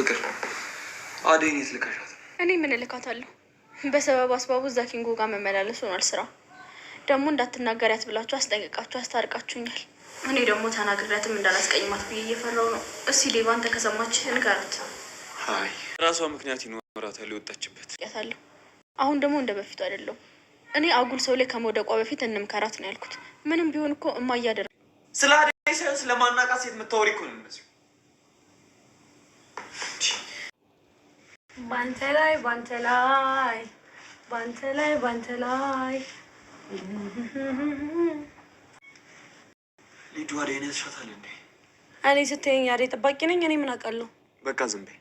ፍቅር አደይን የት ልከሻት? እኔ ምን እልካታለሁ? በሰበብ አስባቡ እዛ ኪንጎ ጋር መመላለስ ሆኗል ስራ። ደግሞ እንዳትናገሪያት ብላችሁ አስጠንቅቃችሁ አስታርቃችሁኛል። እኔ ደግሞ ተናግሪያትም እንዳላስቀይማት ብዬ እየፈራው ነው። እስኪ ዴቭ አንተ ከሰማች ንገራት። አይ ራሷ ምክንያት ይኖራታል የወጣችበት ያታለሁ። አሁን ደግሞ እንደ በፊቱ አይደለም። እኔ አጉል ሰው ላይ ከመውደቋ በፊት እንምከራት ነው ያልኩት። ምንም ቢሆን እኮ እማያደረ ስለ አደይ ሳይሆን ስለማናቃት ሴት የምታወሪ እኮ ነው የሚመስለው ባንተ ላይ ባንተ ላይ ባንተ ላይ ባንተ ላይ ሊዱ አደይ ነህ እንዴ? እኔ ስትይኝ አደይ ጠባቂ ነኝ? እኔ ምን አውቃለሁ? በቃ ዝም በይ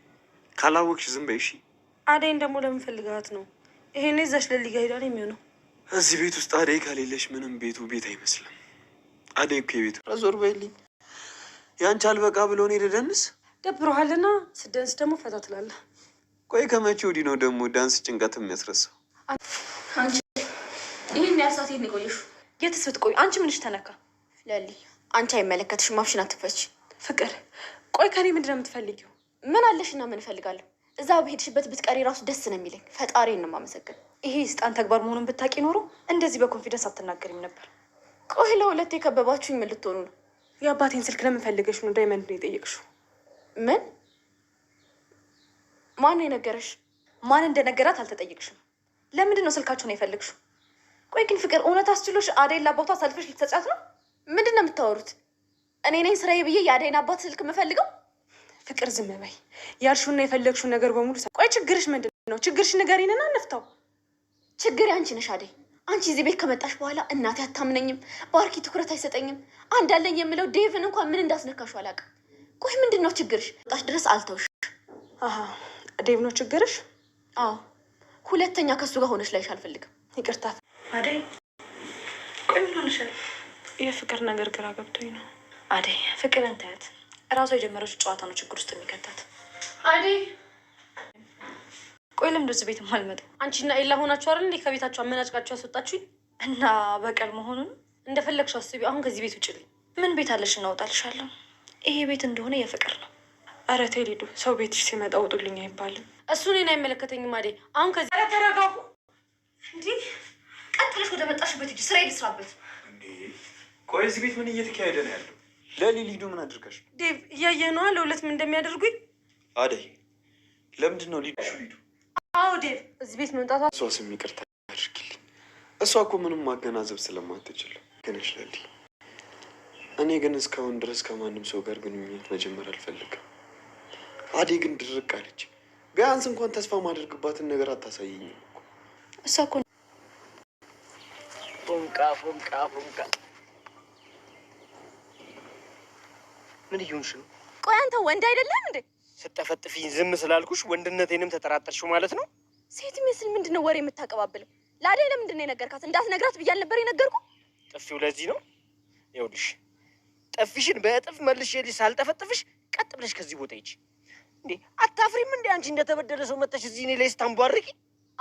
ካላወቅሽ ዝም በይ እሺ። አደይን ደግሞ ለምን ፈልጋት ነው? ይሄኔ እዛች ለሊጋ ሄዳ ነው የሚሆነው። እዚህ ቤት ውስጥ አደይ ከሌለሽ ምንም ቤቱ ቤት አይመስልም። አደይ እኮ የቤቱ ዞር በይልኝ። ያንቺ አልበቃ ብሎን ደደንስ ደብሮሃልና ስደንስ ደግሞ ፈታ ትላለህ ቆይ ከመቼ ወዲህ ነው ደግሞ ዳንስ ጭንቀት የሚያስረሳው? ይህን ያሳት የት ነው የትስ ብትቆይ አንቺ ምንሽ ተነካ? ለሊ አንቺ አይመለከትሽም። አፍሽን አትፈች። ፍቅር ቆይ ከኔ ምንድን ነው የምትፈልጊው? ምን አለሽና ምን እፈልጋለሁ? እዛ በሄድሽበት ብትቀሪ ራሱ ደስ ነው የሚለኝ። ፈጣሪ ነው የማመሰግን። ይሄ ስጣን ተግባር መሆኑን ብታቂ ኖሮ እንደዚህ በኮንፊደንስ አትናገሪም ነበር። ቆይ ለሁለት የከበባችሁኝ ምን ልትሆኑ ነው? የአባቴን ስልክ ለምን ፈልገሽ ነው ዳይመንድ ነው የጠየቅሽው? ምን ማን የነገረሽ? ማን እንደነገራት አልተጠየቅሽም። ለምንድን ነው ስልካችሁን የፈለግሽው? ቆይ ግን ፍቅር እውነት አስችሎሽ አደይን ለአባቷ አሳልፈሽ ልትሰጫት ነው? ምንድን ነው የምታወሩት? እኔ ነኝ ስራዬ ብዬ የአደይን አባት ስልክ የምፈልገው? ፍቅር ዝም በይ። ያልሽውና ነገር በሙሉ ቆይ፣ ችግርሽ ምንድን ነው? ችግርሽ ንገሪንና እንፍታው። ችግር አንቺ ነሽ አደይ። አንቺ እዚህ ቤት ከመጣሽ በኋላ እናቴ አታምነኝም፣ ባርኪ ትኩረት አይሰጠኝም፣ አለኝ የምለው ዴቭን እንኳን ምን እንዳስነካሹ አላውቅም። ቆይ ምንድን ነው ችግርሽ? ጣሽ ድረስ አልተውሽ ዴቭ ነው ችግርሽ? አዎ ሁለተኛ ከሱ ጋር ሆነሽ ላይሽ አልፈልግም። ይቅርታ አደይ። ቆይ ምን ሆነሻል? የፍቅር ነገር ግራ ገብቶኝ ነው አደይ። ፍቅርን ታያት፣ እራሷ የጀመረች ጨዋታ ነው ችግር ውስጥ የሚከታት አደይ። ቆይ ለምንድን እዚህ ቤት የማልመጣው? አንቺና ኤላ ሆናችሁ አይደል እንዴ ከቤታችሁ አመናጭቃችሁ ያስወጣችሁኝ? እና በቀል መሆኑን እንደፈለግሽ አስቢ። አሁን ከዚህ ቤት ልኝ። ምን ቤት አለሽ? እናወጣልሻለሁ። ይሄ ቤት እንደሆነ የፍቅር ነው ኧረ ተይ ሊዱ፣ ሰው ቤትሽ ሲመጣ ውጡልኝ አይባልም። እሱ እኔን አይመለከተኝም። አዴ አሁን ከዚህ ኧረ ተረጋጉ። እንዲህ ቀጥለሽ ወደ መጣሽበት ሂጂ፣ ስራ ይድስራበት። ቆይ እዚህ ቤት ምን እየተካሄደ ነው ያለው? ለሊ ሊዱ ምን አድርገሽ? ዴቭ እያየህ ነዋ ለሁለት ምን እንደሚያደርጉኝ። አደይ ለምንድን ነው ሊዱ ሊዱ? አዎ ዴቭ እዚህ ቤት መምጣቷ እሷ ስም ይቅርታ አድርጊልኝ። እሷ እኮ ምንም ማገናዘብ ስለማትችል ግንሽ ለሊ፣ እኔ ግን እስካሁን ድረስ ከማንም ሰው ጋር ግንኙነት መጀመር አልፈልግም። አዴ ግን ድርቅ አለች። ቢያንስ እንኳን ተስፋ ማደርግባትን ነገር አታሳየኝም እኮ እሷ እኮ ምን እየሆንሽ ነው? ቆይ አንተ ወንድ አይደለም እንዴ? ስጠፈጥፊኝ ዝም ስላልኩሽ ወንድነቴንም ተጠራጠርሽው ማለት ነው? ሴት ይመስል ምንድን ነው ወሬ የምታቀባብለው? ለአዴ ለምንድን ነው የነገርካት? እንዳትነግራት ብያል ነበር የነገርኩ። ጥፊው ለዚህ ነው። ይኸውልሽ ጥፊሽን በእጥፍ መልሼ ልሽ ሳልጠፈጥፍሽ ቀጥ ብለሽ ከዚህ ቦታ ይቺ እንዴ አታፍሪም እንዴ አንቺ እንደተበደለ ሰው መጥተሽ እዚህ እኔ ላይ ስታንቧርቂ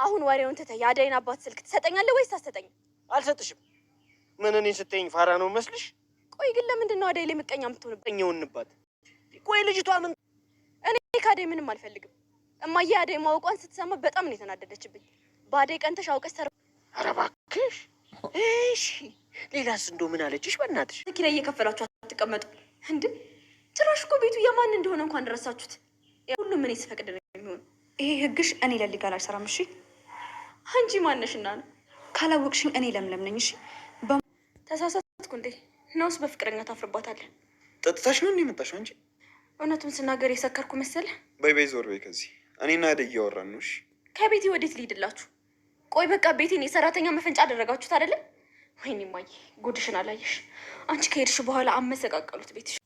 አሁን ወሬውን ትተህ የአዳይን አባት ስልክ ትሰጠኛለህ ወይስ አትሰጠኝም አልሰጥሽም ምን እኔን ስጠኝ ፋራ ነው መስልሽ ቆይ ግን ለምንድን ነው አዳይ ላይ ምቀኛ የምትሆንበኛው እንባት ቆይ ልጅቷ ምን እኔ ከአዳይ ምንም አልፈልግም እማዬ አዳይ ማውቋን ስትሰማ በጣም ነው የተናደደችብኝ በአዳይ ቀንተሽ አውቀሽ ሰራ ኧረ እባክሽ እሺ ሌላስ እንዶ ምን አለችሽ በእናትሽ ኪራይ እየከፈላችሁ አትቀመጡ እንዴ ጭራሽ እኮ ቤቱ የማን እንደሆነ እንኳን ረሳችሁት ሁሉም እኔ ስፈቅድ ነው የሚሆን። ይሄ ህግሽ እኔ ለሊጋል አይሰራም። እሺ አንቺ ማነሽና ነው ካላወቅሽኝ እኔ ለምለም ነኝ። እሺ ተሳሳትኩ እንዴ? ነውስ በፍቅረኛ ታፍርባታለን። ጠጥታሽ ነው እንዲመጣሽ እንጂ እውነቱን ስናገር የሰከርኩ መሰለ። በይ በይ፣ ዞር በይ ከዚህ። እኔና አደይ እያወራን ነው። እሺ ከቤቴ ወዴት ልሂድላችሁ? ቆይ በቃ ቤቴን የሰራተኛ መፈንጫ አደረጋችሁት አይደለም? ወይኔ ማዬ፣ ጉድሽን አላየሽ አንቺ። ከሄድሽ በኋላ አመሰቃቀሉት ቤትሽ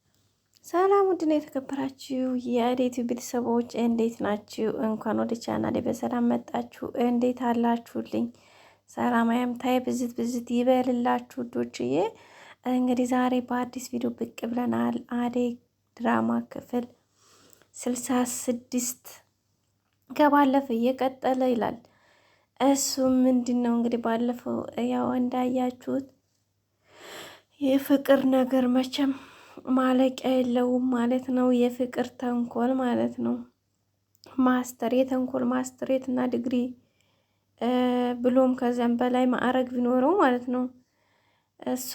ሰላም ውድና የተከበራችሁ የአዴት ቤተሰቦች እንዴት ናችሁ? እንኳን ወደ ቻናሌ በሰላም መጣችሁ። እንዴት አላችሁልኝ? ሰላም ታይ ብዝት ብዝት ይበልላችሁ ውዶችዬ። እንግዲህ ዛሬ በአዲስ ቪዲዮ ብቅ ብለናል። አዴ ድራማ ክፍል ስልሳ ስድስት ከባለፈ እየቀጠለ ይላል። እሱም ምንድን ነው እንግዲህ ባለፈው ያው እንዳያችሁት የፍቅር ነገር መቼም ማለቂያ የለውም ማለት ነው። የፍቅር ተንኮል ማለት ነው። ማስተር የተንኮል ማስተሬት እና ዲግሪ ብሎም ከዚያም በላይ ማዕረግ ቢኖረው ማለት ነው። እሷ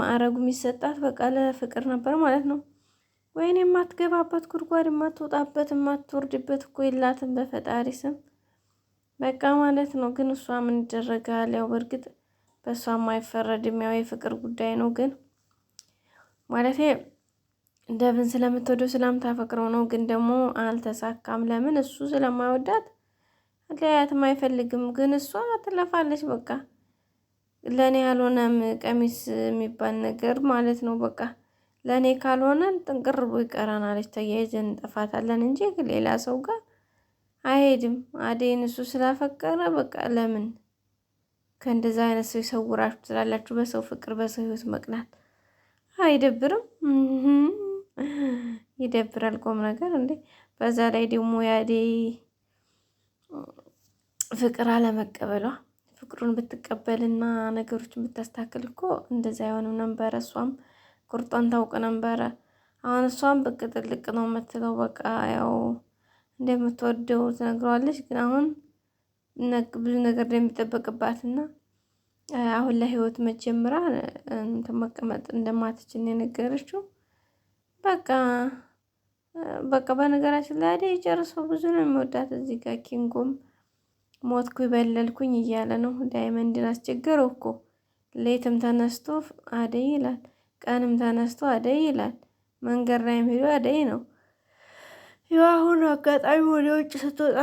ማዕረጉ የሚሰጣት በቃ ለፍቅር ነበር ማለት ነው። ወይኔ የማትገባበት ጉድጓድ የማትወጣበት የማትወርድበት እኮ የላትም በፈጣሪ ስም በቃ ማለት ነው። ግን እሷ ምን ይደረጋል? ያው በእርግጥ በእሷ አይፈረድም። ያው የፍቅር ጉዳይ ነው ግን ማለቴ ደብን ስለምትወደው ስለምታፈቅረው ነው። ግን ደግሞ አልተሳካም። ለምን? እሱ ስለማይወዳት ሊያያትም አይፈልግም። ግን እሷ ትለፋለች። በቃ ለእኔ ያልሆነም ቀሚስ የሚባል ነገር ማለት ነው። በቃ ለእኔ ካልሆነ ጥንቅርቡ ይቀራናለች። ተያይዘን እንጠፋታለን እንጂ ሌላ ሰው ጋር አይሄድም። አዴን እሱ ስላፈቀረ በቃ ለምን ከእንደዛ አይነት ሰው ይሰውራችሁ ትላላችሁ? በሰው ፍቅር፣ በሰው ህይወት መቅናት አይደብርም? ይደብራል። ቆም ነገር እንዴ! በዛ ላይ ደግሞ ያዴ ፍቅር አለመቀበሏ ፍቅሩን ብትቀበልና ነገሮችን ብታስታክል እኮ እንደዛ አይሆንም ነበረ። እሷም ቁርጧን ታውቅ ነበረ። አሁን እሷም ብቅ ጥልቅ ነው የምትለው። በቃ ያው እንደምትወደው ትነግረዋለች። ግን አሁን ብዙ ነገር እንደሚጠበቅባትና አሁን ለህይወት መጀመራ መቀመጥ እንደማትችል የነገረችው በቃ በቃ በነገራችን ላይ አደይ ጨርሶ ብዙ ነው የሚወዳት። እዚህ ጋር ኪንጎም ሞትኩ ይበለልኩኝ እያለ ነው። ዳይመንድን አስቸገረው እኮ ሌትም ተነስቶ አደይ ይላል፣ ቀንም ተነስቶ አደይ ይላል፣ መንገድ ላይም ሄዶ አደይ ነው። ያው አሁን አጋጣሚ ወደ ውጭ ስትወጣ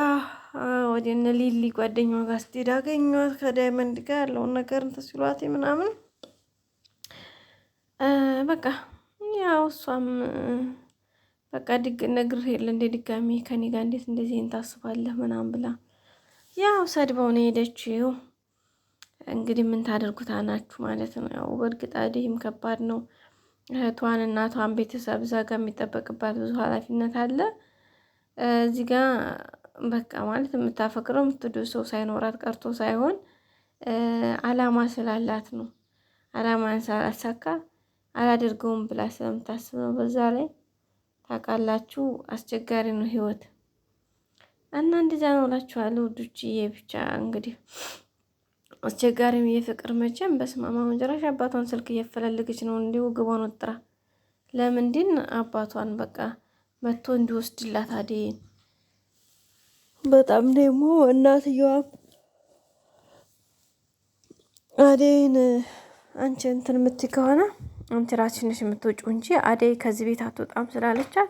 ወደ እነ ሊሊ ጓደኛዋ ጋር ስትሄድ አገኘኋት። ከዳይመንድ ጋር ያለውን ነገር እንትን ሲሏት ምናምን በቃ ያው እሷም በቃ ድግ ነግር የለ እንደ ድጋሚ ከኔ ጋር እንዴት እንደዚህ እንታስባለህ ምናምን ብላ ያው ሰድበው ነው ሄደችው። እንግዲህ ምን ታደርጉታ ናችሁ ማለት ነው። ያው በእርግጥ አደይም ከባድ ነው። እህቷን እናቷን ቤተሰብ እዛ ጋር የሚጠበቅባት ብዙ ኃላፊነት አለ እዚህ ጋር በቃ ማለት የምታፈቅረው የምትወደው ሰው ሳይኖራት ቀርቶ ሳይሆን አላማ ስላላት ነው። አላማን ሳላሳካ አላደርገውም ብላ ስለምታስብ በዛ ላይ ታውቃላችሁ አስቸጋሪ ነው ህይወት እና እንደዛ ነው እላችኋለሁ ውዶችዬ። ብቻ እንግዲህ አስቸጋሪም የፍቅር መቼም በስማማ መጨረሻ አባቷን ስልክ እየፈለገች ነው እንዲሁ ግቧን ወጥራ ለምንድን አባቷን በቃ መጥቶ እንዲወስድላት አደይን በጣም ደግሞ እናትየዋም አደይን አንቺ እንትን የምትይ ከሆነ አንቺ ራስሽ ነሽ የምትወጪው እንጂ አደይ ከዚህ ቤት አትወጣም ስላለቻት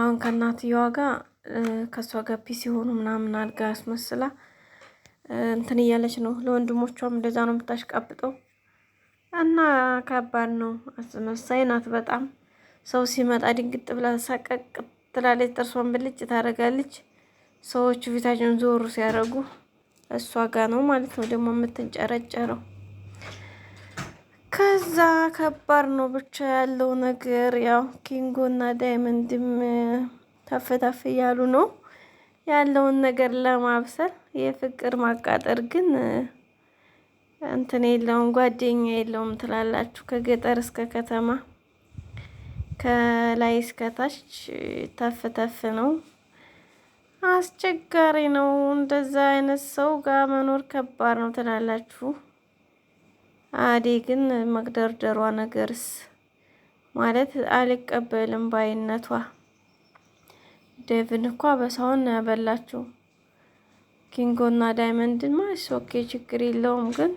አሁን ከእናትየዋ ጋር ከእሷ ጋር ሲሆኑ ምናምን አልጋ ያስመስላ እንትን እያለች ነው። ለወንድሞቿም እንደዛ ነው የምታሽቃብጠው እና ከባድ ነው። አስመሳይ ናት በጣም ሰው ሲመጣ ድንግጥ ብላ ሳቀቅ ትላለች። ጥርሷን ብልጭ ታደርጋለች። ሰዎቹ ፊታቸውን ዞሩ ሲያደርጉ እሷ ጋ ነው ማለት ነው ደግሞ የምትንጨረጨረው። ከዛ ከባድ ነው ብቻ ያለው ነገር ያው ኪንጎ እና ዳይመንድም ተፍተፍ እያሉ ነው ያለውን ነገር ለማብሰል። የፍቅር ማቃጠር ግን እንትን የለውም ጓደኛ የለውም ትላላችሁ ከገጠር እስከ ከተማ ከላይ እስከ ታች ተፍ ተፍ ነው። አስቸጋሪ ነው። እንደዛ አይነት ሰው ጋር መኖር ከባድ ነው ትላላችሁ። አዴ ግን መግደርደሯ ነገርስ ማለት አልቀበልም ባይነቷ ዴቭን እኳ በሰውን ነው ያበላችሁ። ኪንጎና ዳይመንድን ማስ ኦኬ ችግር የለውም ግን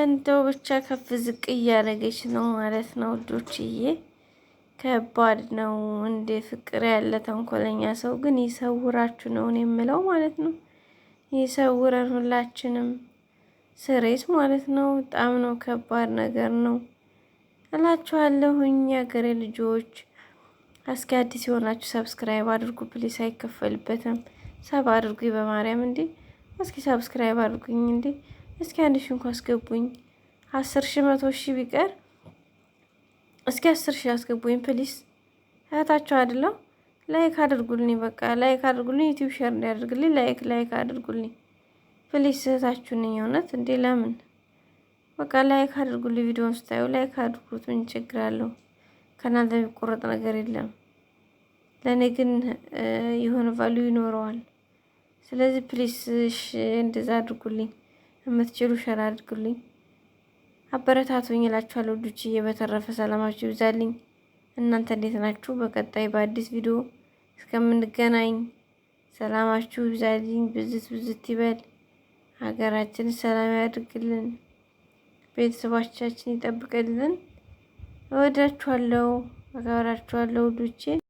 እንደው ብቻ ከፍ ዝቅ እያደረገች ነው ማለት ነው ውዶችዬ። ከባድ ነው። እንደ ፍቅር ያለ ተንኮለኛ ሰው ግን ይሰውራችሁ ነው የምለው ማለት ነው። ይሰውረን ሁላችንም ስሬስ ማለት ነው። በጣም ነው ከባድ ነገር ነው እላችኋለሁኝ የአገሬ ልጆች። እስኪ አዲስ የሆናችሁ ሰብስክራይብ አድርጉ ፕሊስ፣ አይከፈልበትም። ሰብ አድርጉ በማርያም እንዴ! እስኪ ሰብስክራይብ አድርጉኝ እንዴ! እስኪ አንድ ሺህ እንኳ አስገቡኝ። አስር ሺ መቶ ሺ ቢቀር እስኪ አስር ሺህ አስገቡኝ ፕሊስ። እህታችሁ አይደለም። ላይክ አድርጉልኝ፣ በቃ ላይክ አድርጉልኝ። ዩቲዩብ ሼር እንዲያደርግልኝ ላይክ ላይክ አድርጉልኝ ፕሊስ። እህታችሁ ነኝ እውነት እንዴ! ለምን በቃ ላይክ አድርጉልኝ። ቪዲዮን ስታዩ ላይክ አድርጉት። ምን ችግር አለው? ከእናንተ የሚቆረጥ ነገር የለም። ለእኔ ግን የሆነ ቫሉ ይኖረዋል። ስለዚህ ፕሊስ እንደዛ አድርጉልኝ፣ የምትችሉ ሸር አድርጉልኝ። አበረታቱኝ እላችኋለሁ። ዱችዬ በተረፈ ሰላማችሁ ይብዛልኝ። እናንተ እንዴት ናችሁ? በቀጣይ በአዲስ ቪዲዮ እስከምንገናኝ ሰላማችሁ ይብዛልኝ። ብዝት ብዝት ይበል። ሀገራችን ሰላም ያድርግልን። ቤተሰቦቻችን ይጠብቅልን። እወዳችኋለሁ፣ አከብራችኋለሁ ዱቼ